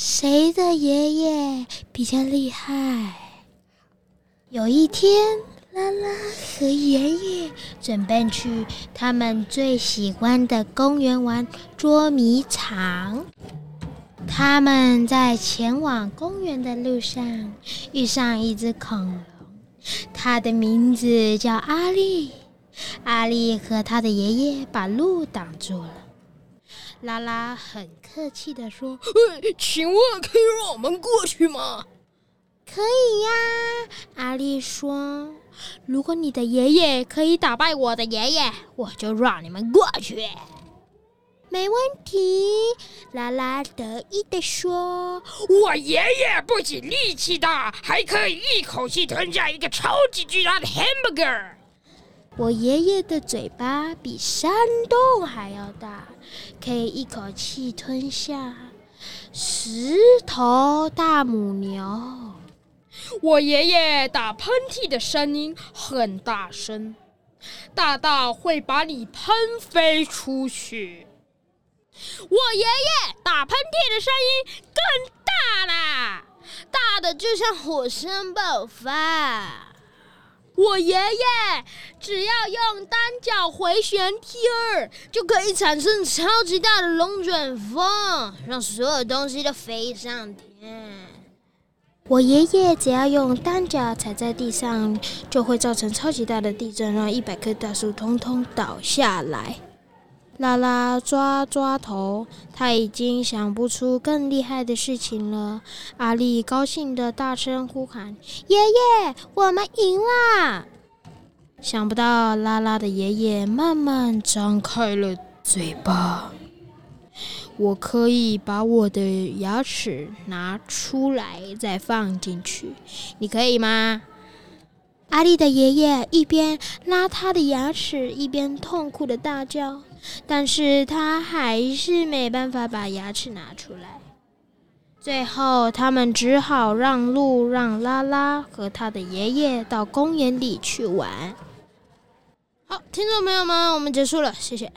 誰的爺爺比較厲害？有一天，拉拉和爺爺準備去他們最喜歡的公園玩捉迷藏。他們在前往公園的路上遇上一隻恐龍，它的名字叫阿力。阿力和他的爺爺把路擋住了。拉拉很客氣的說：“請問可以讓我們過去嗎？”“可以呀、啊。”阿力說，“如果你的爺爺可以打敗我的爺爺，我就讓你們過去。”“沒問題。”拉拉得意的說，“我爺爺不僅力氣大，還可以一口氣吞下一個超級巨大的 hamburger。”我爺爺的嘴巴比山洞還要大，可以一口氣吞下十頭大母牛。我爺爺打噴嚏的聲音很大聲，大到會把你噴飛出去。我爺爺打噴嚏的聲音更大啦，大的就像火山爆發。我爺爺。只要用單腳回旋踢兒，就可以產生超級大的龍捲風，讓所有東西都飛上天。我爺爺只要用單腳踩在地上，就會造成超級大的地震，讓一百棵大樹統統倒下來。拉拉抓抓頭，他已經想不出更厲害的事情了。阿力高興地大聲呼喊：“爺爺，我們贏了！”想不到拉拉的爺爺慢慢張開了嘴巴。我可以把我的牙齒拿出來再放進去，你可以嗎？阿力的爺爺一邊拉他的牙齒，一邊痛苦的大叫，但是他還是沒辦法把牙齒拿出來。最後，他們只好讓路，讓拉拉和他的爺爺到公園裡去玩。好，聽眾朋友們，我們結束了，謝謝。